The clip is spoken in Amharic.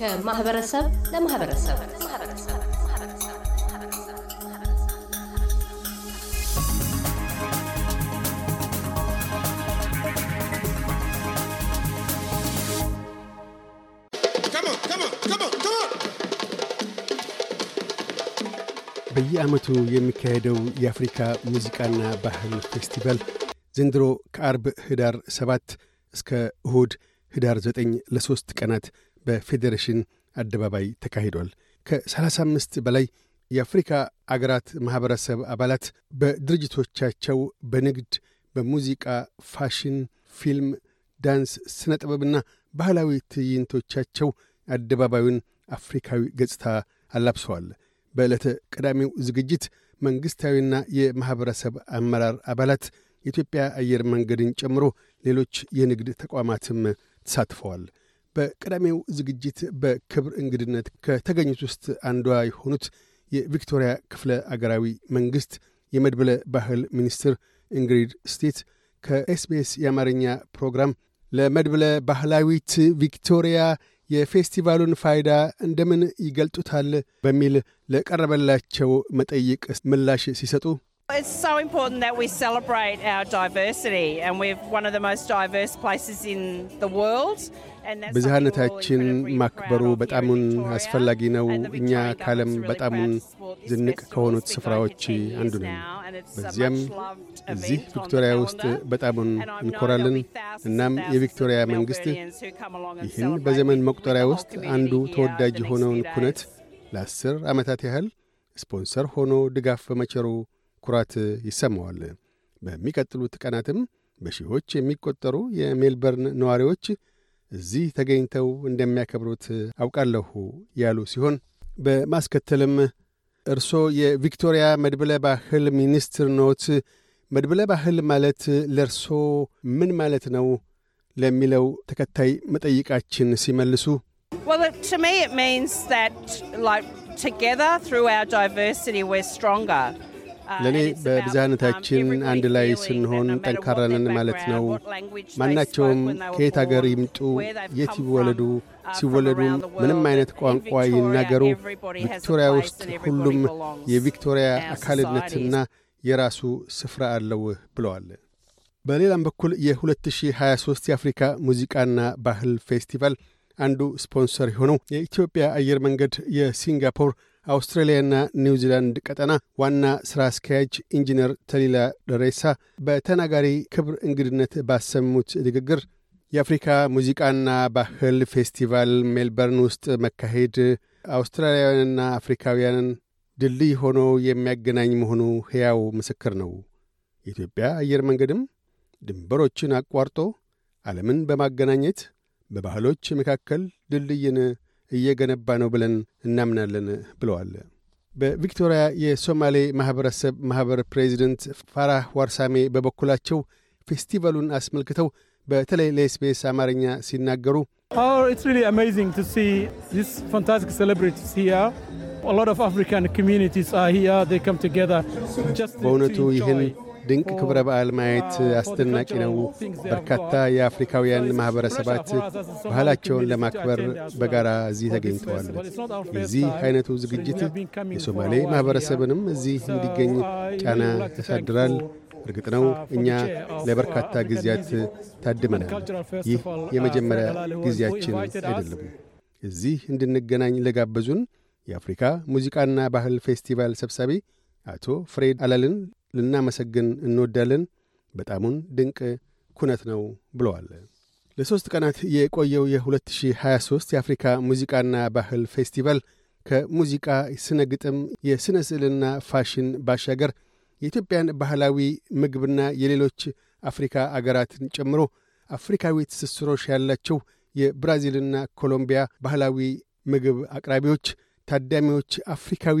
ከማህበረሰብ ለማህበረሰብ በየዓመቱ የሚካሄደው የአፍሪካ ሙዚቃና ባህል ፌስቲቫል ዘንድሮ ከአርብ ህዳር 7 እስከ እሁድ ህዳር 9 ለሦስት ቀናት በፌዴሬሽን አደባባይ ተካሂዷል። ከ35 በላይ የአፍሪካ አገራት ማኅበረሰብ አባላት በድርጅቶቻቸው በንግድ፣ በሙዚቃ፣ ፋሽን፣ ፊልም፣ ዳንስ፣ ሥነ ጥበብና ባህላዊ ትዕይንቶቻቸው አደባባዩን አፍሪካዊ ገጽታ አላብሰዋል። በዕለተ ቀዳሚው ዝግጅት መንግሥታዊና የማኅበረሰብ አመራር አባላት የኢትዮጵያ አየር መንገድን ጨምሮ ሌሎች የንግድ ተቋማትም ተሳትፈዋል። በቀዳሜው ዝግጅት በክብር እንግድነት ከተገኙት ውስጥ አንዷ የሆኑት የቪክቶሪያ ክፍለ አገራዊ መንግሥት የመድብለ ባህል ሚኒስትር እንግሪድ ስቴት ከኤስቢኤስ የአማርኛ ፕሮግራም ለመድብለ ባህላዊት ቪክቶሪያ የፌስቲቫሉን ፋይዳ እንደምን ይገልጡታል በሚል ለቀረበላቸው መጠይቅ ምላሽ ሲሰጡ It's so important that we celebrate our diversity, and we're one of the most diverse places in the world. ብዝሃነታችን ማክበሩ በጣሙን አስፈላጊ ነው። እኛ ካለም በጣሙን ዝንቅ ከሆኑት ስፍራዎች አንዱ ነን። በዚያም እዚህ ቪክቶሪያ ውስጥ በጣሙን እንኮራለን። እናም የቪክቶሪያ መንግሥት ይህን በዘመን መቁጠሪያ ውስጥ አንዱ ተወዳጅ የሆነውን ኩነት ለአስር ዓመታት ያህል ስፖንሰር ሆኖ ድጋፍ በመቸሩ ኩራት ይሰማዋል። በሚቀጥሉት ቀናትም በሺዎች የሚቆጠሩ የሜልበርን ነዋሪዎች እዚህ ተገኝተው እንደሚያከብሩት አውቃለሁ ያሉ ሲሆን በማስከተልም እርሶ የቪክቶሪያ መድብለ ባህል ሚኒስትር ኖት። መድብለ ባህል ማለት ለእርሶ ምን ማለት ነው? ለሚለው ተከታይ መጠይቃችን ሲመልሱ Uh, ለእኔ በብዝሃነታችን um, አንድ ላይ ስንሆን ጠንካራነን ማለት ነው። ማናቸውም ከየት አገር ይምጡ፣ የት ይወለዱ፣ uh, ሲወለዱም ምንም አይነት ቋንቋ ይናገሩ፣ ቪክቶሪያ ውስጥ ሁሉም የቪክቶሪያ አካልነትና የራሱ ስፍራ አለው ብለዋል። በሌላም በኩል የ2023 የአፍሪካ ሙዚቃና ባህል ፌስቲቫል አንዱ ስፖንሰር የሆነው የኢትዮጵያ አየር መንገድ የሲንጋፖር አውስትራሊያና ኒውዚላንድ ቀጠና ዋና ሥራ አስኪያጅ ኢንጂነር ተሊላ ደሬሳ በተናጋሪ ክብር እንግድነት ባሰሙት ንግግር የአፍሪካ ሙዚቃና ባህል ፌስቲቫል ሜልበርን ውስጥ መካሄድ አውስትራሊያውያንና አፍሪካውያንን ድልድይ ሆኖ የሚያገናኝ መሆኑ ሕያው ምስክር ነው። የኢትዮጵያ አየር መንገድም ድንበሮችን አቋርጦ ዓለምን በማገናኘት በባህሎች መካከል ድልድይን እየገነባ ነው ብለን እናምናለን ብለዋል። በቪክቶሪያ የሶማሌ ማኅበረሰብ ማኅበር ፕሬዚደንት ፋራህ ዋርሳሜ በበኩላቸው ፌስቲቫሉን አስመልክተው በተለይ ለኤስቢኤስ አማርኛ ሲናገሩ oh, በእውነቱ ይህን ድንቅ ክብረ በዓል ማየት uh, አስደናቂ ነው። በርካታ የአፍሪካውያን ማኅበረሰባት ባህላቸውን ለማክበር በጋራ እዚህ ተገኝተዋል። የዚህ አይነቱ ዝግጅት የሶማሌ ማኅበረሰብንም እዚህ እንዲገኝ uh, ጫና ያሳድራል። እርግጥ ነው uh, እኛ ለበርካታ ጊዜያት ታድመናል። ይህ የመጀመሪያ ጊዜያችን አይደለም። እዚህ እንድንገናኝ ለጋበዙን የአፍሪካ ሙዚቃና ባህል ፌስቲቫል ሰብሳቢ አቶ ፍሬድ አላልን ልናመሰግን እንወዳለን። በጣሙን ድንቅ ኩነት ነው ብለዋል። ለሦስት ቀናት የቆየው የ2023 የአፍሪካ ሙዚቃና ባህል ፌስቲቫል ከሙዚቃ ስነ ግጥም፣ የሥነ ስዕልና ፋሽን ባሻገር የኢትዮጵያን ባህላዊ ምግብና የሌሎች አፍሪካ አገራትን ጨምሮ አፍሪካዊ ትስስሮች ያላቸው የብራዚልና ኮሎምቢያ ባህላዊ ምግብ አቅራቢዎች ታዳሚዎች አፍሪካዊ